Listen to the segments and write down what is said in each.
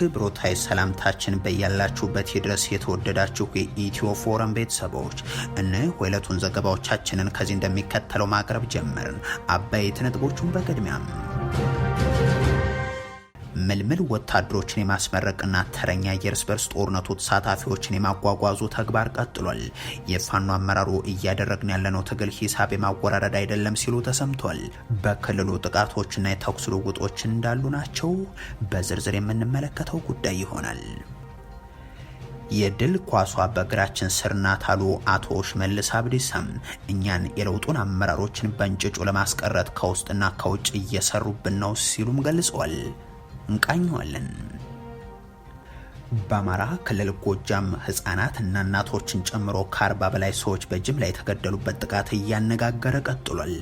ክብሮታይ ሰላምታችን በያላችሁበት ይድረስ። የተወደዳችሁ የኢትዮ ፎረም ቤተሰቦች እነ ወይለቱን ዘገባዎቻችንን ከዚህ እንደሚከተለው ማቅረብ ጀመርን። አበይት ነጥቦቹን በቅድሚያም ምልምል ወታደሮችን የማስመረቅና ተረኛ የእርስ በርስ ጦርነቱ ተሳታፊዎችን የማጓጓዙ ተግባር ቀጥሏል። የፋኖ አመራሩ እያደረግን ያለነው ትግል ሂሳብ የማወራረድ አይደለም ሲሉ ተሰምቷል። በክልሉ ጥቃቶችና የተኩስ ልውውጦች እንዳሉ ናቸው። በዝርዝር የምንመለከተው ጉዳይ ይሆናል። የድል ኳሷ በእግራችን ስር ናት አሉ አቶ ሽመልስ አብዲሳም። እኛን የለውጡን አመራሮችን በእንጭጩ ለማስቀረት ከውስጥና ከውጭ እየሰሩብን ነው ሲሉም ገልጸዋል። እንቃኘዋለን። በአማራ ክልል ጎጃም ህጻናትና እናቶችን ጨምሮ ከአርባ በላይ ሰዎች በጅምላ የተገደሉበት ጥቃት እያነጋገረ ቀጥሏል።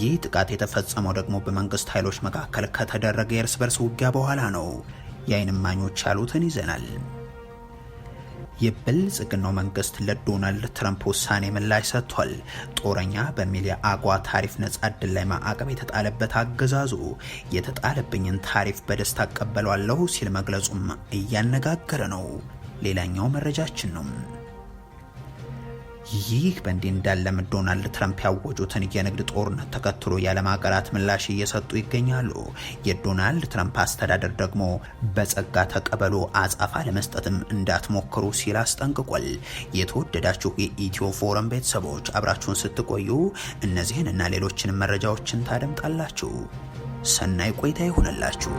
ይህ ጥቃት የተፈጸመው ደግሞ በመንግስት ኃይሎች መካከል ከተደረገ የእርስ በርስ ውጊያ በኋላ ነው። የአይን እማኞች ያሉትን ይዘናል። የብልጽግናው መንግስት ለዶናልድ ትራምፕ ውሳኔ ምላሽ ሰጥቷል። ጦረኛ በሚል የአጓ ታሪፍ ነጻ ዕድል ላይ ማዕቀብ የተጣለበት አገዛዙ የተጣለብኝን ታሪፍ በደስታ አቀበለዋለሁ ሲል መግለጹም እያነጋገረ ነው። ሌላኛው መረጃችን ነው። ይህ በእንዲህ እንዳለም ዶናልድ ትራምፕ ያወጁትን የንግድ ጦርነት ተከትሎ የዓለም ሀገራት ምላሽ እየሰጡ ይገኛሉ። የዶናልድ ትራምፕ አስተዳደር ደግሞ በጸጋ ተቀበሎ አጻፋ ለመስጠትም እንዳትሞክሩ ሲል አስጠንቅቋል። የተወደዳችሁ የኢትዮ ፎረም ቤተሰቦች አብራችሁን ስትቆዩ እነዚህን እና ሌሎችንም መረጃዎችን ታደምጣላችሁ። ሰናይ ቆይታ ይሆነላችሁ።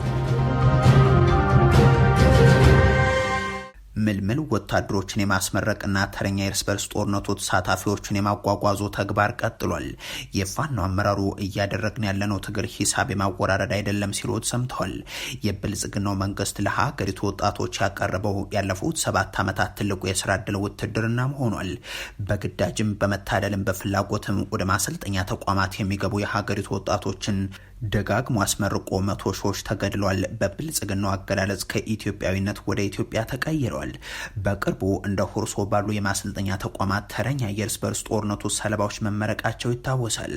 ምልምል ወታደሮችን የማስመረቅና ተረኛ የእርስ በርስ ጦርነቱ ተሳታፊዎችን የማጓጓዙ ተግባር ቀጥሏል። የፋኖ አመራሩ እያደረግን ያለነው ትግል ሂሳብ የማወራረድ አይደለም ሲሉት ሰምተዋል። የብልጽግናው መንግስት ለሀገሪቱ ወጣቶች ያቀረበው ያለፉት ሰባት ዓመታት ትልቁ የስራ እድል ውትድርና ሆኗል። በግዳጅም በመታደልም በፍላጎትም ወደ ማሰልጠኛ ተቋማት የሚገቡ የሀገሪቱ ወጣቶችን ደጋግሞ አስመርቆ መቶ ሺዎች ተገድሏል። በብልጽግናው አገላለጽ ከኢትዮጵያዊነት ወደ ኢትዮጵያ ተቀይረዋል። በቅርቡ እንደ ሁርሶ ባሉ የማሰልጠኛ ተቋማት ተረኛ የእርስ በርስ ጦርነቱ ሰለባዎች መመረቃቸው ይታወሳል።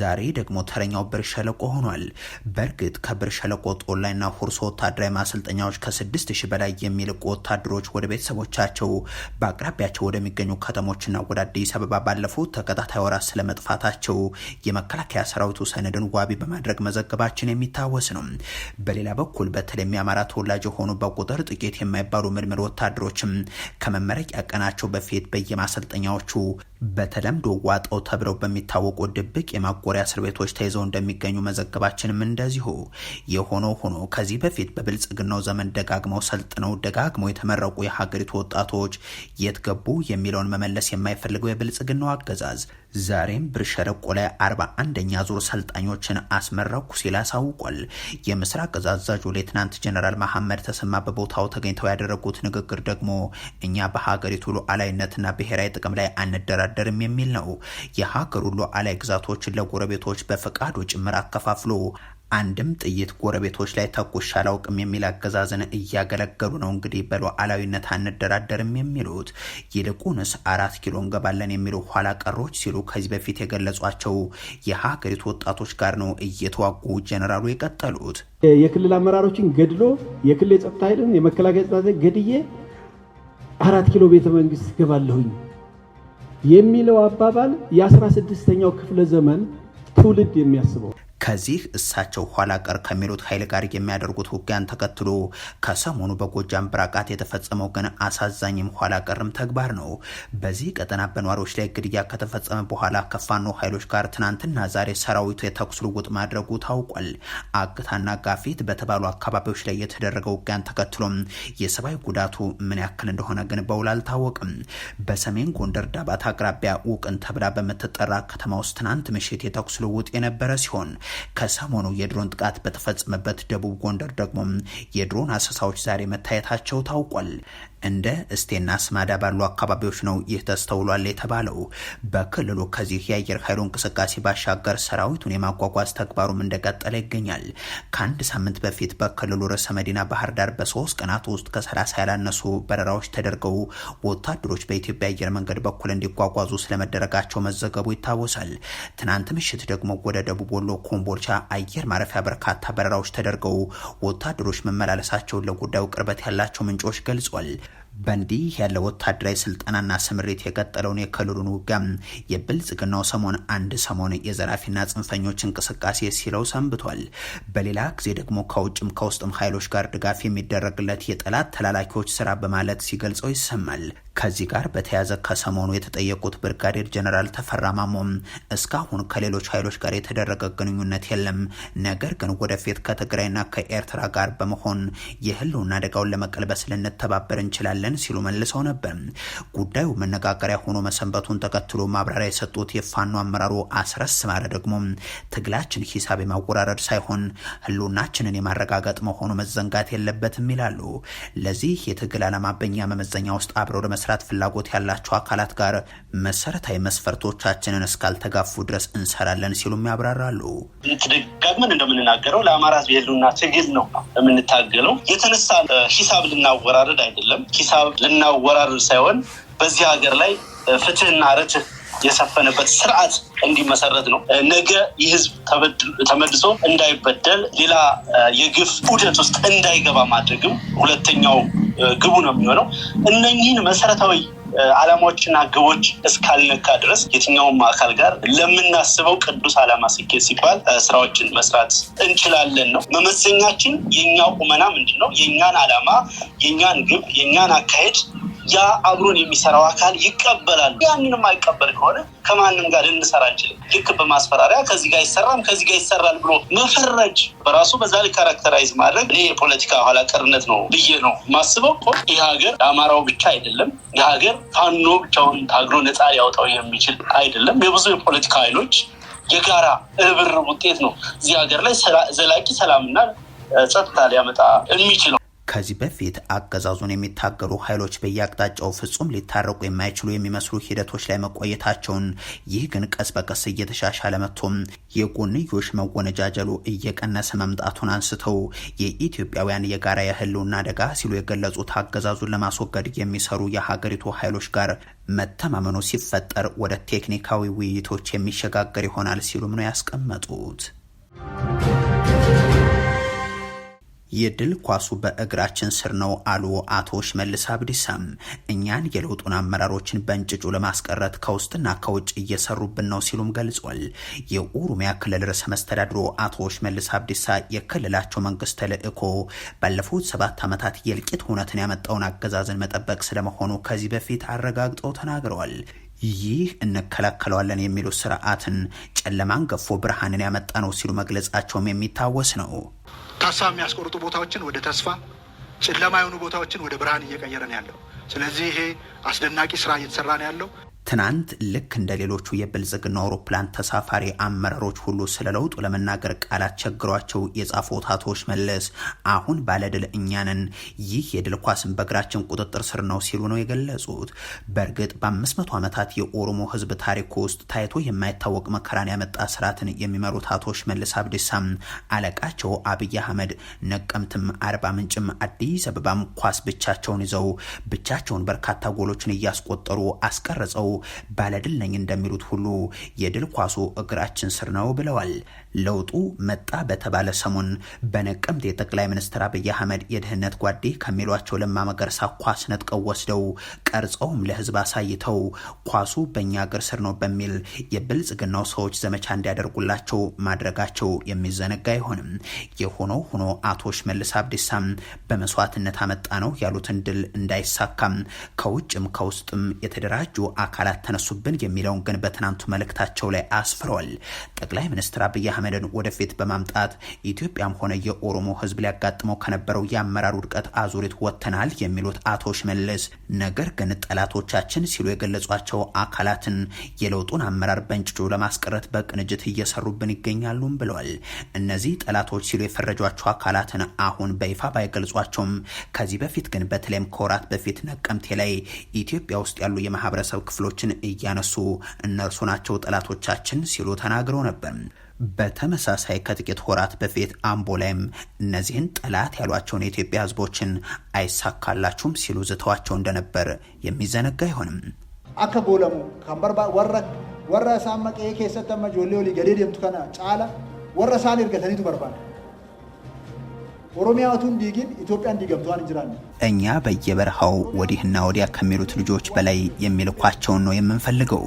ዛሬ ደግሞ ተረኛው ብር ሸለቆ ሆኗል። በእርግጥ ከብር ሸለቆ ላይና ሁርሶ ወታደራዊ ማሰልጠኛዎች ከ6000 በላይ የሚልቁ ወታደሮች ወደ ቤተሰቦቻቸው በአቅራቢያቸው ወደሚገኙ ከተሞችና ወደ አዲስ አበባ ባለፉት ተከታታይ ወራት ስለመጥፋታቸው የመከላከያ ሰራዊቱ ሰነድን ዋቢ በማድረግ ማድረግ መዘገባችን የሚታወስ ነው። በሌላ በኩል በተለይም የአማራ ተወላጅ የሆኑ በቁጥር ጥቂት የማይባሉ ምርምር ወታደሮችም ከመመረቂያ ቀናቸው በፊት በየማሰልጠኛዎቹ በተለምዶ ዋጠው ተብለው በሚታወቁ ድብቅ የማጎሪያ እስር ቤቶች ተይዘው እንደሚገኙ መዘገባችንም እንደዚሁ። የሆነ ሆኖ ከዚህ በፊት በብልጽግናው ዘመን ደጋግመው ሰልጥነው ደጋግመው የተመረቁ የሀገሪቱ ወጣቶች የት ገቡ የሚለውን መመለስ የማይፈልገው የብልጽግናው አገዛዝ ዛሬም ብርሸረቆ ላይ አርባ አንደኛ ዙር ሰልጣኞችን አስመ ተመረኩ ሲል አሳውቋል። የምስራቅ እዝ አዛዡ ሌትናንት ጀነራል መሐመድ ተሰማ በቦታው ተገኝተው ያደረጉት ንግግር ደግሞ እኛ በሀገሪቱ ሉዓላዊነትና ብሔራዊ ጥቅም ላይ አንደራደርም የሚል ነው። የሀገሩ ሉዓላዊ ግዛቶችን ለጎረቤቶች በፈቃዱ ጭምር አከፋፍሎ አንድም ጥይት ጎረቤቶች ላይ ተኩሼ አላውቅም የሚል አገዛዝን እያገለገሉ ነው። እንግዲህ በሉዓላዊነት አንደራደርም የሚሉት ይልቁንስ አራት ኪሎ እንገባለን የሚሉ ኋላ ቀሮች ሲሉ ከዚህ በፊት የገለጿቸው የሀገሪቱ ወጣቶች ጋር ነው እየተዋጉ ጀነራሉ የቀጠሉት። የክልል አመራሮችን ገድሎ የክልል የጸጥታ ኃይልን የመከላከያ ጸጥታ ገድዬ አራት ኪሎ ቤተ መንግስት ገባለሁኝ የሚለው አባባል የአስራ ስድስተኛው ክፍለ ዘመን ትውልድ የሚያስበው ከዚህ እሳቸው ኋላ ቀር ከሚሉት ኃይል ጋር የሚያደርጉት ውጊያን ተከትሎ ከሰሞኑ በጎጃም ብራቃት የተፈጸመው ግን አሳዛኝም ኋላ ቀርም ተግባር ነው። በዚህ ቀጠና በነዋሪዎች ላይ ግድያ ከተፈጸመ በኋላ ከፋኖ ኃይሎች ጋር ትናንትና ዛሬ ሰራዊቱ የተኩስ ልውውጥ ማድረጉ ታውቋል። አግታና ጋፊት በተባሉ አካባቢዎች ላይ የተደረገ ውጊያን ተከትሎም የሰብአዊ ጉዳቱ ምን ያክል እንደሆነ ግን በውል አልታወቅም። በሰሜን ጎንደር ዳባት አቅራቢያ ውቅን ተብላ በምትጠራ ከተማ ውስጥ ትናንት ምሽት የተኩስ ልውውጥ የነበረ ሲሆን ከሰሞኑ የድሮን ጥቃት በተፈጸመበት ደቡብ ጎንደር ደግሞ የድሮን አሰሳዎች ዛሬ መታየታቸው ታውቋል። እንደ እስቴና ስማዳ ባሉ አካባቢዎች ነው ይህ ተስተውሏል የተባለው። በክልሉ ከዚህ የአየር ኃይሉ እንቅስቃሴ ባሻገር ሰራዊቱን የማጓጓዝ ተግባሩም እንደቀጠለ ይገኛል። ከአንድ ሳምንት በፊት በክልሉ ርዕሰ መዲና ባህር ዳር በሶስት ቀናት ውስጥ ከ30 ያላነሱ በረራዎች ተደርገው ወታደሮች በኢትዮጵያ አየር መንገድ በኩል እንዲጓጓዙ ስለመደረጋቸው መዘገቡ ይታወሳል። ትናንት ምሽት ደግሞ ወደ ደቡብ ወሎ ኮምቦልቻ አየር ማረፊያ በርካታ በረራዎች ተደርገው ወታደሮች መመላለሳቸውን ለጉዳዩ ቅርበት ያላቸው ምንጮች ገልጿል። በእንዲህ ያለ ወታደራዊ ስልጠናና ስምሪት የቀጠለውን የክልሉን ውጊያ የብልጽግናው ሰሞን አንድ ሰሞን የዘራፊና ጽንፈኞች እንቅስቃሴ ሲለው ሰንብቷል። በሌላ ጊዜ ደግሞ ከውጭም ከውስጥም ኃይሎች ጋር ድጋፍ የሚደረግለት የጠላት ተላላኪዎች ስራ በማለት ሲገልጸው ይሰማል። ከዚህ ጋር በተያያዘ ከሰሞኑ የተጠየቁት ብርጋዴር ጀነራል ተፈራ ማሞም እስካሁን ከሌሎች ኃይሎች ጋር የተደረገ ግንኙነት የለም፣ ነገር ግን ወደፊት ከትግራይና ከኤርትራ ጋር በመሆን የህልውና አደጋውን ለመቀልበስ ልንተባበር እንችላለን እናደርጋለን ሲሉ መልሰው ነበር። ጉዳዩ መነጋገሪያ ሆኖ መሰንበቱን ተከትሎ ማብራሪያ የሰጡት የፋኖ አመራሩ አስረስ ማረ ደግሞ ትግላችን ሂሳብ የማወራረድ ሳይሆን ህልውናችንን የማረጋገጥ መሆኑ መዘንጋት የለበትም ይላሉ። ለዚህ የትግል ዓላማ በኛ መመዘኛ ውስጥ አብረው ለመስራት ፍላጎት ያላቸው አካላት ጋር መሰረታዊ መስፈርቶቻችንን እስካልተጋፉ ድረስ እንሰራለን ሲሉም ያብራራሉ። ደጋግመን እንደምንናገረው ለአማራ ህልውና ትግል ነው የምንታገለው። የተነሳ ሂሳብ ልናወራረድ አይደለም። ሀሳብ ልናወራርን ሳይሆን በዚህ ሀገር ላይ ፍትህና ርትህ የሰፈነበት ስርዓት እንዲመሰረት ነው። ነገ ይህ ህዝብ ተመልሶ እንዳይበደል ሌላ የግፍ ውደት ውስጥ እንዳይገባ ማድረግም ሁለተኛው ግቡ ነው የሚሆነው። እነኚህን መሰረታዊ አላማዎችና ግቦች እስካልነካ ድረስ የትኛውም አካል ጋር ለምናስበው ቅዱስ አላማ ስኬት ሲባል ስራዎችን መስራት እንችላለን ነው መመዘኛችን። የኛ ቁመና ምንድን ነው? የእኛን አላማ የእኛን ግብ፣ የእኛን አካሄድ ያ አብሮን የሚሰራው አካል ይቀበላል። ያንንም አይቀበል ከሆነ ከማንም ጋር ልንሰራ አንችልም። ልክ በማስፈራሪያ ከዚህ ጋር ይሰራም ከዚህ ጋር ይሰራል ብሎ መፈረጅ በራሱ በዛ ላይ ካራክተራይዝ ማድረግ እኔ የፖለቲካ ኋላ ቀርነት ነው ብዬ ነው ማስበው። ይህ ሀገር ለአማራው ብቻ አይደለም። ይህ ሀገር ፋኖ ብቻውን ታግሎ ነፃ ሊያወጣው የሚችል አይደለም። የብዙ የፖለቲካ ኃይሎች የጋራ እብር ውጤት ነው እዚህ ሀገር ላይ ዘላቂ ሰላምና ጸጥታ ሊያመጣ የሚችለው። ከዚህ በፊት አገዛዙን የሚታገሉ ኃይሎች በየአቅጣጫው ፍጹም ሊታረቁ የማይችሉ የሚመስሉ ሂደቶች ላይ መቆየታቸውን፣ ይህ ግን ቀስ በቀስ እየተሻሻለ መጥቶም የጎንዮሽ መወነጃጀሉ እየቀነሰ መምጣቱን አንስተው የኢትዮጵያውያን የጋራ የህልውና አደጋ ሲሉ የገለጹት አገዛዙን ለማስወገድ የሚሰሩ የሀገሪቱ ኃይሎች ጋር መተማመኑ ሲፈጠር ወደ ቴክኒካዊ ውይይቶች የሚሸጋገር ይሆናል ሲሉም ነው ያስቀመጡት። የድል ኳሱ በእግራችን ስር ነው አሉ አቶ ሽመልስ አብዲሳም። እኛን የለውጡን አመራሮችን በእንጭጩ ለማስቀረት ከውስጥና ከውጭ እየሰሩብን ነው ሲሉም ገልጿል። የኦሮሚያ ክልል ርዕሰ መስተዳድሮ አቶ ሽመልስ አብዲሳ የክልላቸው መንግስት ተልእኮ ባለፉት ሰባት ዓመታት የእልቂት ሁነትን ያመጣውን አገዛዝን መጠበቅ ስለመሆኑ ከዚህ በፊት አረጋግጠው ተናግረዋል። ይህ እንከላከለዋለን የሚሉ ስርዓትን ጨለማን ገፎ ብርሃንን ያመጣ ነው ሲሉ መግለጻቸውም የሚታወስ ነው። ተስፋ የሚያስቆርጡ ቦታዎችን ወደ ተስፋ፣ ጨለማ የሆኑ ቦታዎችን ወደ ብርሃን እየቀየረ ነው ያለው። ስለዚህ ይሄ አስደናቂ ስራ እየተሰራ ነው ያለው። ትናንት ልክ እንደ ሌሎቹ የብልጽግና አውሮፕላን ተሳፋሪ አመራሮች ሁሉ ስለ ለውጡ ለመናገር ቃል አስቸግሯቸው የጻፉት አቶ ሽመልስ አሁን ባለድል እኛንን ይህ የድል ኳስን በእግራችን ቁጥጥር ስር ነው ሲሉ ነው የገለጹት። በእርግጥ በአምስት መቶ ዓመታት የኦሮሞ ህዝብ ታሪክ ውስጥ ታይቶ የማይታወቅ መከራን ያመጣ ስርዓትን የሚመሩት አቶ ሽመልስ አብዲሳም አለቃቸው አብይ አህመድ ነቀምትም፣ አርባ ምንጭም፣ አዲስ አበባም ኳስ ብቻቸውን ይዘው ብቻቸውን በርካታ ጎሎችን እያስቆጠሩ አስቀርጸው ባለድል ነኝ እንደሚሉት ሁሉ የድል ኳሱ እግራችን ስር ነው ብለዋል። ለውጡ መጣ በተባለ ሰሞን በነቀምት የጠቅላይ ሚኒስትር አብይ አህመድ የድህነት ጓዴ ከሚሏቸው ለማ መገርሳ ኳስ ነጥቀው ወስደው ቀርጸውም ለህዝብ አሳይተው ኳሱ በእኛ እግር ስር ነው በሚል የብልጽግናው ሰዎች ዘመቻ እንዲያደርጉላቸው ማድረጋቸው የሚዘነጋ አይሆንም። የሆኖ ሆኖ አቶ ሽመልስ አብዲሳም በመስዋዕትነት አመጣ ነው ያሉትን ድል እንዳይሳካም ከውጭም ከውስጥም የተደራጁ አካል አካላት ተነሱብን የሚለውን ግን በትናንቱ መልእክታቸው ላይ አስፍረዋል። ጠቅላይ ሚኒስትር አብይ አህመድን ወደፊት በማምጣት ኢትዮጵያም ሆነ የኦሮሞ ህዝብ ሊያጋጥመው ከነበረው የአመራር ውድቀት አዙሪት ወጥተናል የሚሉት አቶ ሽመልስ ነገር ግን ጠላቶቻችን ሲሉ የገለጿቸው አካላትን የለውጡን አመራር በእንጭጩ ለማስቀረት በቅንጅት እየሰሩብን ይገኛሉም ብለዋል። እነዚህ ጠላቶች ሲሉ የፈረጇቸው አካላትን አሁን በይፋ ባይገልጿቸውም ከዚህ በፊት ግን በተለይም ከወራት በፊት ነቀምቴ ላይ ኢትዮጵያ ውስጥ ያሉ የማህበረሰብ ክፍሎች ጉዳዮችን እያነሱ እነርሱ ናቸው ጠላቶቻችን ሲሉ ተናግረው ነበር። በተመሳሳይ ከጥቂት ወራት በፊት አምቦ ላይም እነዚህን ጠላት ያሏቸውን የኢትዮጵያ ህዝቦችን አይሳካላችሁም ሲሉ ዝተዋቸው እንደነበር የሚዘነጋ አይሆንም። አከ ቦለሙ ከንበርባ ወረ ወረ ሳመቀ ኬሰተመ ጆሌ ወሊ ገሌ ደምቱ ከና ጫላ ወረ ሳን እርገተኒቱ በርባል ኦሮሚያቱን እንዲህ ኢትዮጵያ እንዲህ እንጅራለን። እኛ በየበረሃው ወዲህና ወዲያ ከሚሉት ልጆች በላይ የሚልኳቸውን ነው የምንፈልገው።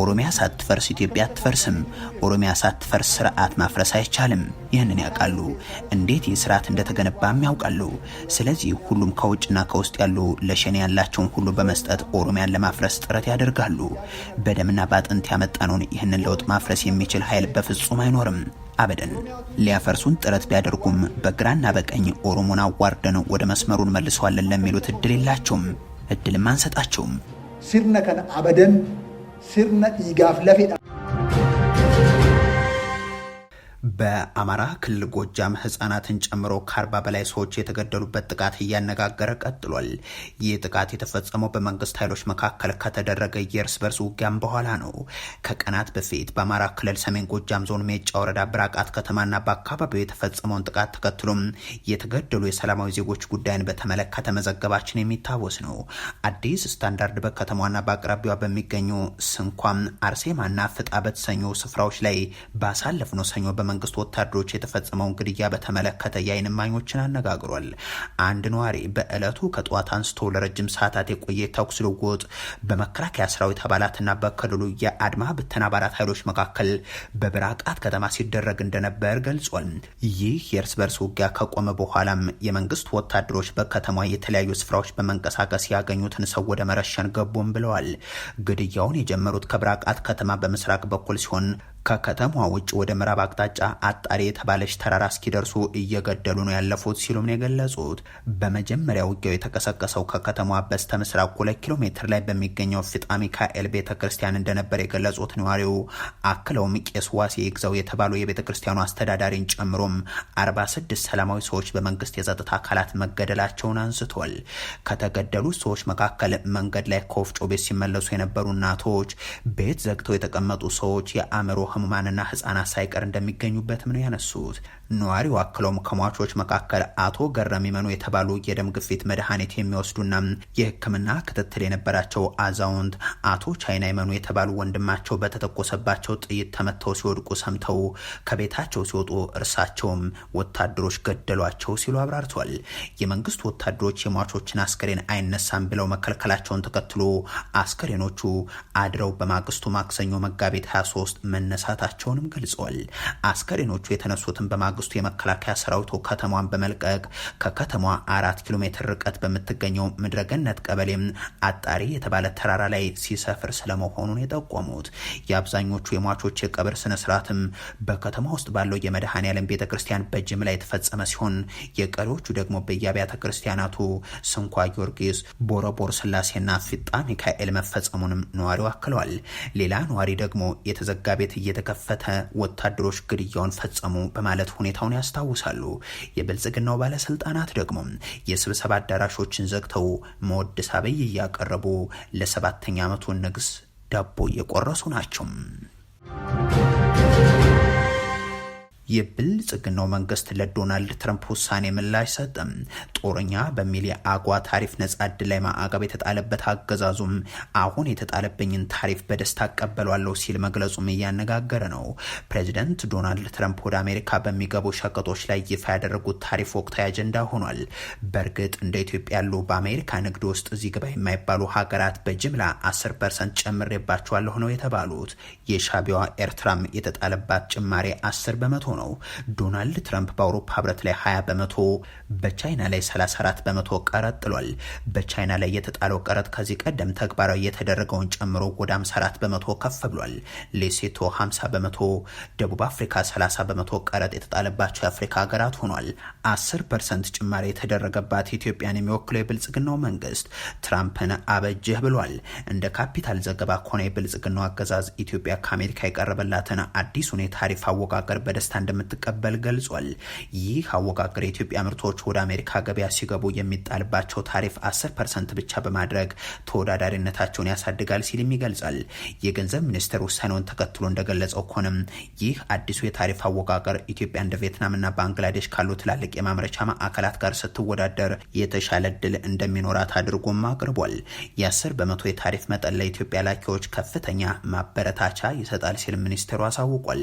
ኦሮሚያ ሳትፈርስ ኢትዮጵያ አትፈርስም። ኦሮሚያ ሳትፈርስ ስርዓት ማፍረስ አይቻልም። ይህንን ያውቃሉ። እንዴት ይህ ስርዓት እንደተገነባም ያውቃሉ። ስለዚህ ሁሉም ከውጭና ከውስጥ ያሉ ለሸኔ ያላቸውን ሁሉ በመስጠት ኦሮሚያን ለማፍረስ ጥረት ያደርጋሉ። በደምና በአጥንት ያመጣነውን ይህንን ለውጥ ማፍረስ የሚችል ኃይል በፍጹም አይኖርም። አበደን ሊያፈርሱን ጥረት ቢያደርጉም በግራና በቀኝ ኦሮሞን አዋርደን ወደ መስመሩን መልሰዋለን ለሚሉት እድል የላቸውም፣ እድልም አንሰጣቸውም። ሲርነ ከነ አበደን ሲርነ ይጋፍ ለፌዳ በአማራ ክልል ጎጃም ህጻናትን ጨምሮ ከአርባ በላይ ሰዎች የተገደሉበት ጥቃት እያነጋገረ ቀጥሏል። ይህ ጥቃት የተፈጸመው በመንግስት ኃይሎች መካከል ከተደረገ የእርስ በርስ ውጊያም በኋላ ነው። ከቀናት በፊት በአማራ ክልል ሰሜን ጎጃም ዞን ሜጫ ወረዳ ብራቃት ከተማና በአካባቢው የተፈጸመውን ጥቃት ተከትሎም የተገደሉ የሰላማዊ ዜጎች ጉዳይን በተመለከተ መዘገባችን የሚታወስ ነው። አዲስ ስታንዳርድ በከተማና በአቅራቢዋ በሚገኙ ስንኳም፣ አርሴማና ፍጣ በተሰኙ ስፍራዎች ላይ ባሳለፍነው ሰኞ መንግስት ወታደሮች የተፈጸመውን ግድያ በተመለከተ የአይን እማኞችን አነጋግሯል። አንድ ነዋሪ በዕለቱ ከጠዋት አንስቶ ለረጅም ሰዓታት የቆየ ተኩስ ልውውጥ በመከላከያ ሰራዊት አባላትና በክልሉ የአድማ ብተና አባላት ኃይሎች መካከል በብራቃት ከተማ ሲደረግ እንደነበር ገልጿል። ይህ የእርስ በርስ ውጊያ ከቆመ በኋላም የመንግስት ወታደሮች በከተማ የተለያዩ ስፍራዎች በመንቀሳቀስ ያገኙትን ሰው ወደ መረሸን ገቡም ብለዋል። ግድያውን የጀመሩት ከብራቃት ከተማ በምስራቅ በኩል ሲሆን ከከተማዋ ውጭ ወደ ምዕራብ አቅጣጫ አጣሪ የተባለች ተራራ እስኪደርሱ እየገደሉ ነው ያለፉት ሲሉም ነው የገለጹት። በመጀመሪያ ውጊያው የተቀሰቀሰው ከከተማዋ በስተ ምስራቅ ሁለት ኪሎ ሜትር ላይ በሚገኘው ፍጣ ሚካኤል ቤተ ክርስቲያን እንደነበር የገለጹት ነዋሪው አክለውም ቄስ ዋሴ ይግዛው የተባሉ የቤተ ክርስቲያኑ አስተዳዳሪን ጨምሮም 46 ሰላማዊ ሰዎች በመንግስት የጸጥታ አካላት መገደላቸውን አንስቷል። ከተገደሉት ሰዎች መካከል መንገድ ላይ ከወፍጮ ቤት ሲመለሱ የነበሩ እናቶች፣ ቤት ዘግተው የተቀመጡ ሰዎች፣ የአእምሮ ህሙማንና ህጻናት ሳይቀር እንደሚገኙበትም ነው ያነሱት። ነዋሪው አክለውም ከሟቾች መካከል አቶ ገረም ይመኑ የተባሉ የደም ግፊት መድኃኒት የሚወስዱና የህክምና ክትትል የነበራቸው አዛውንት፣ አቶ ቻይና መኑ የተባሉ ወንድማቸው በተተኮሰባቸው ጥይት ተመተው ሲወድቁ ሰምተው ከቤታቸው ሲወጡ እርሳቸውም ወታደሮች ገደሏቸው ሲሉ አብራርቷል። የመንግስት ወታደሮች የሟቾችን አስከሬን አይነሳም ብለው መከልከላቸውን ተከትሎ አስከሬኖቹ አድረው በማግስቱ ማክሰኞ መጋቢት 23 መነሳ መነሳታቸውንም ገልጿል። አስከሬኖቹ የተነሱትን በማግስቱ የመከላከያ ሰራዊቱ ከተማዋን በመልቀቅ ከከተማዋ አራት ኪሎ ሜትር ርቀት በምትገኘው ምድረገነት ቀበሌም አጣሪ የተባለ ተራራ ላይ ሲሰፍር ስለመሆኑን የጠቆሙት የአብዛኞቹ የሟቾች የቀብር ስነስርዓትም በከተማ ውስጥ ባለው የመድኃኔ ዓለም ቤተ ክርስቲያን በጅምላ የተፈጸመ ሲሆን የቀሪዎቹ ደግሞ በየአብያተ ክርስቲያናቱ ስንኳ ጊዮርጊስ፣ ቦረቦር ስላሴና ፊጣ ሚካኤል መፈጸሙንም ነዋሪው አክለዋል። ሌላ ነዋሪ ደግሞ የተዘጋ ቤት እየተከፈተ ወታደሮች ግድያውን ፈጸሙ በማለት ሁኔታውን ያስታውሳሉ። የብልጽግናው ባለስልጣናት ደግሞ የስብሰባ አዳራሾችን ዘግተው መወድስ አብይ እያቀረቡ ለሰባተኛ ዓመቱ ንግስ ዳቦ እየቆረሱ ናቸው። የብልጽግናው መንግስት ለዶናልድ ትረምፕ ውሳኔ ምላሽ ሰጥም ጦረኛ በሚል የአጓ ታሪፍ ነጻ ዕድል ላይ ማዕቀብ የተጣለበት አገዛዙም አሁን የተጣለብኝን ታሪፍ በደስታ አቀበሏለሁ ሲል መግለጹም እያነጋገረ ነው። ፕሬዚደንት ዶናልድ ትረምፕ ወደ አሜሪካ በሚገቡ ሸቀጦች ላይ ይፋ ያደረጉት ታሪፍ ወቅታዊ አጀንዳ ሆኗል። በእርግጥ እንደ ኢትዮጵያ ያሉ በአሜሪካ ንግድ ውስጥ እዚህ ግባ የማይባሉ ሀገራት በጅምላ 10 ፐርሰንት ጨምሬባቸዋለሁ ነው የተባሉት። የሻቢዋ ኤርትራም የተጣለባት ጭማሬ 10 በመቶ ነው። ዶናልድ ትራምፕ በአውሮፓ ህብረት ላይ 20 በመቶ በቻይና ላይ 34 በመቶ ቀረጥ ጥሏል። በቻይና ላይ የተጣለው ቀረጥ ከዚህ ቀደም ተግባራዊ የተደረገውን ጨምሮ ወደ 54 በመቶ ከፍ ብሏል። ሌሴቶ 50 በመቶ፣ ደቡብ አፍሪካ 30 በመቶ ቀረጥ የተጣለባቸው የአፍሪካ ሀገራት ሆኗል። 10 ፐርሰንት ጭማሪ የተደረገባት ኢትዮጵያን የሚወክለው የብልጽግናው መንግስት ትራምፕን አበጅህ ብሏል። እንደ ካፒታል ዘገባ ከሆነ የብልጽግናው አገዛዝ ኢትዮጵያ ከአሜሪካ የቀረበላትን አዲሱን የታሪፍ አወቃቀር በደስታ እንደምትቀበል ገልጿል። ይህ አወቃቀር የኢትዮጵያ ምርቶች ወደ አሜሪካ ገበያ ሲገቡ የሚጣልባቸው ታሪፍ 10 ፐርሰንት ብቻ በማድረግ ተወዳዳሪነታቸውን ያሳድጋል ሲልም ይገልጻል። የገንዘብ ሚኒስቴር ውሳኔውን ተከትሎ እንደገለጸው ከሆነም ይህ አዲሱ የታሪፍ አወቃቀር ኢትዮጵያ እንደ ቪየትናምና ባንግላዴሽ ካሉ ትላልቅ የማምረቻ ማዕከላት ጋር ስትወዳደር የተሻለ እድል እንደሚኖራት አድርጎም አቅርቧል። የ10 በመቶ የታሪፍ መጠን ለኢትዮጵያ ላኪዎች ከፍተኛ ማበረታቻ ይሰጣል ሲል ሚኒስቴሩ አሳውቋል።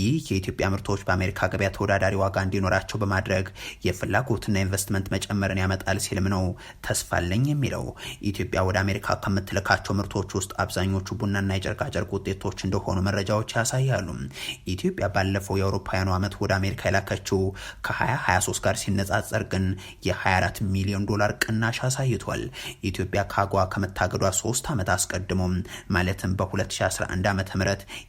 ይህ የኢትዮጵያ ምርቶች ምርቶች በአሜሪካ ገበያ ተወዳዳሪ ዋጋ እንዲኖራቸው በማድረግ የፍላጎትና ኢንቨስትመንት መጨመርን ያመጣል ሲልም ነው ተስፋለኝ የሚለው። ኢትዮጵያ ወደ አሜሪካ ከምትልካቸው ምርቶች ውስጥ አብዛኞቹ ቡናና የጨርቃጨርቅ ውጤቶች እንደሆኑ መረጃዎች ያሳያሉ። ኢትዮጵያ ባለፈው የአውሮፓውያኑ ዓመት ወደ አሜሪካ የላከችው ከ2023 ጋር ሲነጻጸር ግን የ24 ሚሊዮን ዶላር ቅናሽ አሳይቷል። ኢትዮጵያ ከአጓ ከመታገዷ ሶስት ዓመት አስቀድሞ ማለትም በ2011 ዓ ም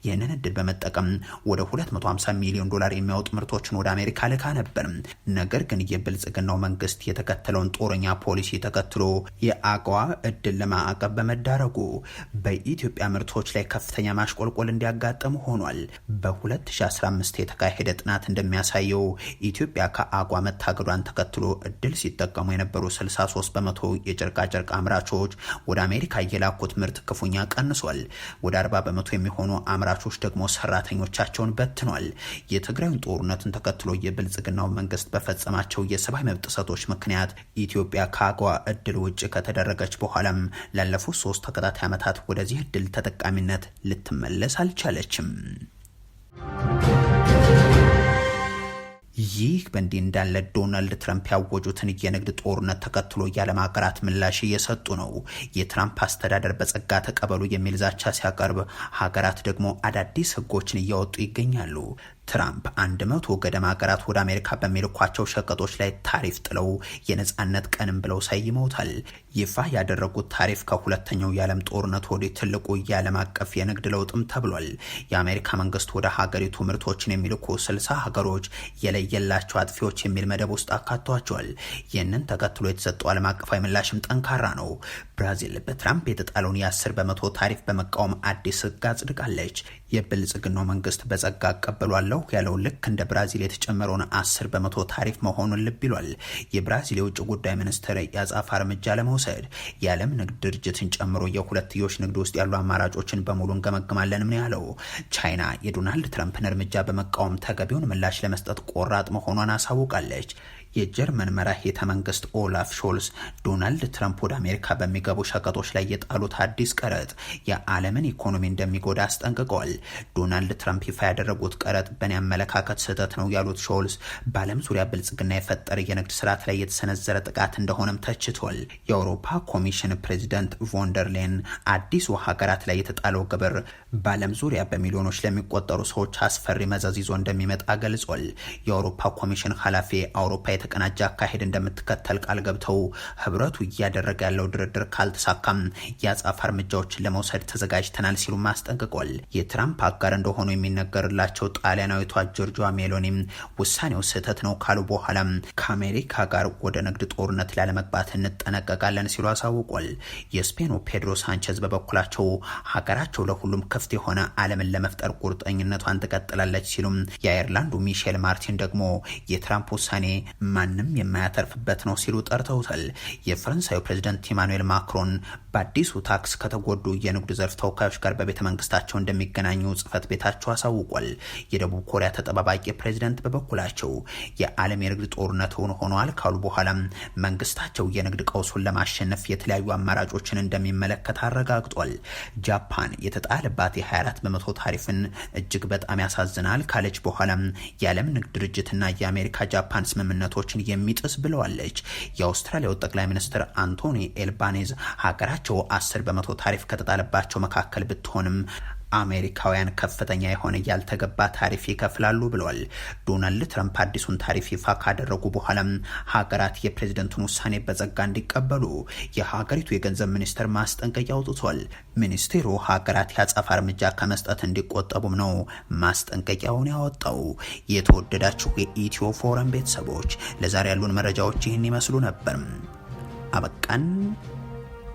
ይህንን እድል በመጠቀም ወደ 250 ሚሊዮን ዶላር የሚያወጡ ምርቶችን ወደ አሜሪካ ልካ ነበር። ነገር ግን የብልጽግናው መንግስት የተከተለውን ጦረኛ ፖሊሲ ተከትሎ የአገዋ እድል ለማዕቀብ በመዳረጉ በኢትዮጵያ ምርቶች ላይ ከፍተኛ ማሽቆልቆል እንዲያጋጥም ሆኗል። በ2015 የተካሄደ ጥናት እንደሚያሳየው ኢትዮጵያ ከአጓ መታገዷን ተከትሎ እድል ሲጠቀሙ የነበሩ 63 በመቶ የጨርቃጨርቅ አምራቾች ወደ አሜሪካ የላኩት ምርት ክፉኛ ቀንሷል። ወደ 40 በመቶ የሚሆኑ አምራቾች ደግሞ ሰራተኞቻቸውን በትኗል። የትግራዩን ጦርነትን ተከትሎ የብልጽግናው መንግስት በፈጸማቸው የሰብአዊ መብት ጥሰቶች ምክንያት ኢትዮጵያ ከአገዋ እድል ውጭ ከተደረገች በኋላም ላለፉት ሶስት ተከታታይ ዓመታት ወደዚህ እድል ተጠቃሚነት ልትመለስ አልቻለችም። ይህ በእንዲህ እንዳለ ዶናልድ ትራምፕ ያወጁትን የንግድ ጦርነት ተከትሎ የዓለም ሀገራት ምላሽ እየሰጡ ነው። የትራምፕ አስተዳደር በጸጋ ተቀበሉ የሚል ዛቻ ሲያቀርብ፣ ሀገራት ደግሞ አዳዲስ ህጎችን እያወጡ ይገኛሉ። ትራምፕ አንድ መቶ ገደማ ሀገራት ወደ አሜሪካ በሚልኳቸው ሸቀጦች ላይ ታሪፍ ጥለው የነጻነት ቀንም ብለው ሰይመውታል። ይፋ ያደረጉት ታሪፍ ከሁለተኛው የዓለም ጦርነት ወዲህ ትልቁ የዓለም አቀፍ የንግድ ለውጥም ተብሏል። የአሜሪካ መንግስት ወደ ሀገሪቱ ምርቶችን የሚልኩ ስልሳ ሀገሮች የለየላቸው አጥፊዎች የሚል መደብ ውስጥ አካቷቸዋል። ይህንን ተከትሎ የተሰጠው ዓለም አቀፋዊ ምላሽም ጠንካራ ነው። ብራዚል በትራምፕ የተጣለውን የ የ10 በመቶ ታሪፍ በመቃወም አዲስ ህግ አጽድቃለች። የብልጽግናው መንግስት በጸጋ አቀበሏለው ጨመረው ያለው ልክ እንደ ብራዚል የተጨመረውን አስር በመቶ ታሪፍ መሆኑን ልብ ይሏል። የብራዚል የውጭ ጉዳይ ሚኒስትር የአጻፋ እርምጃ ለመውሰድ የዓለም ንግድ ድርጅትን ጨምሮ የሁለትዮሽ ንግድ ውስጥ ያሉ አማራጮችን በሙሉ እንገመግማለን ምን ያለው ቻይና የዶናልድ ትረምፕን እርምጃ በመቃወም ተገቢውን ምላሽ ለመስጠት ቆራጥ መሆኗን አሳውቃለች። የጀርመን መራሄተ መንግስት ኦላፍ ሾልስ ዶናልድ ትራምፕ ወደ አሜሪካ በሚገቡ ሸቀጦች ላይ የጣሉት አዲስ ቀረጥ የዓለምን ኢኮኖሚ እንደሚጎዳ አስጠንቅቀዋል። ዶናልድ ትራምፕ ይፋ ያደረጉት ቀረጥ በእኔ አመለካከት ስህተት ነው ያሉት ሾልስ በዓለም ዙሪያ ብልጽግና የፈጠረ የንግድ ስርዓት ላይ የተሰነዘረ ጥቃት እንደሆነም ተችቷል። የአውሮፓ ኮሚሽን ፕሬዚደንት ቮንደርሌን አዲሱ ሀገራት ላይ የተጣለው ግብር በዓለም ዙሪያ በሚሊዮኖች ለሚቆጠሩ ሰዎች አስፈሪ መዘዝ ይዞ እንደሚመጣ ገልጿል። የአውሮፓ ኮሚሽን ኃላፊ አውሮፓ የተቀናጀ አካሄድ እንደምትከተል ቃል ገብተው ህብረቱ እያደረገ ያለው ድርድር ካልተሳካም የአጻፋ እርምጃዎችን ለመውሰድ ተዘጋጅተናል ሲሉ ማስጠንቅቋል። የትራምፕ አጋር እንደሆኑ የሚነገርላቸው ጣሊያናዊቷ ጆርጂያ ሜሎኒም ውሳኔው ስህተት ነው ካሉ በኋላም ከአሜሪካ ጋር ወደ ንግድ ጦርነት ላለመግባት እንጠነቀቃለን ሲሉ አሳውቋል። የስፔኑ ፔድሮ ሳንቸዝ በበኩላቸው ሀገራቸው ለሁሉም ክፍት የሆነ ዓለምን ለመፍጠር ቁርጠኝነቷን ትቀጥላለች ሲሉም፣ የአይርላንዱ ሚሼል ማርቲን ደግሞ የትራምፕ ውሳኔ ማንም የማያተርፍበት ነው ሲሉ ጠርተውታል። የፈረንሳዩ ፕሬዚደንት ኢማኑኤል ማክሮን በአዲሱ ታክስ ከተጎዱ የንግድ ዘርፍ ተወካዮች ጋር በቤተ መንግስታቸው እንደሚገናኙ ጽህፈት ቤታቸው አሳውቋል። የደቡብ ኮሪያ ተጠባባቂ ፕሬዚደንት በበኩላቸው የዓለም የንግድ ጦርነት ሆኗል ካሉ በኋላም መንግስታቸው የንግድ ቀውሱን ለማሸነፍ የተለያዩ አማራጮችን እንደሚመለከት አረጋግጧል። ጃፓን የተጣለባት የ24 በመቶ ታሪፍን እጅግ በጣም ያሳዝናል ካለች በኋላም የዓለም ንግድ ድርጅትና የአሜሪካ ጃፓን ስምምነቱ መብቶችን የሚጥስ ብለዋለች። የአውስትራሊያው ጠቅላይ ሚኒስትር አንቶኒ ኤልባኔዝ ሀገራቸው አስር በመቶ ታሪፍ ከተጣለባቸው መካከል ብትሆንም አሜሪካውያን ከፍተኛ የሆነ ያልተገባ ታሪፍ ይከፍላሉ ብለዋል። ዶናልድ ትራምፕ አዲሱን ታሪፍ ይፋ ካደረጉ በኋላም ሀገራት የፕሬዝደንቱን ውሳኔ በጸጋ እንዲቀበሉ የሀገሪቱ የገንዘብ ሚኒስትር ማስጠንቀቂያ አውጥቷል። ሚኒስቴሩ ሀገራት ያጻፋ እርምጃ ከመስጠት እንዲቆጠቡም ነው ማስጠንቀቂያውን ያወጣው። የተወደዳችሁ የኢትዮ ፎረም ቤተሰቦች ለዛሬ ያሉን መረጃዎች ይህን ይመስሉ ነበር። አበቃን።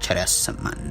ቸር ያሰማን።